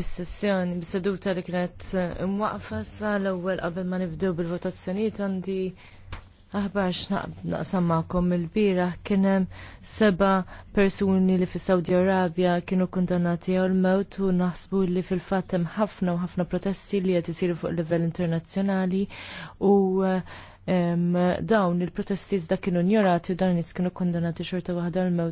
bis-sessjoni, bis-seduta li kienet eh, imwaqfa sa l-ewwel qabel ma nibdew bil-votazzjonijiet għandi aħbar x'naqsam magħkom il-bieraħ kien hemm seba' persuni li fis-Sawdi Arabja kienu kundannati għal mewt u naħsbu li fil-fatt hemm ħafna u ħafna protesti li qed isiru fuq livell internazzjonali u eh, dawn il-protesti iżda kienu njorati u dan nies kienu kundannati xorta waħda l-mewt.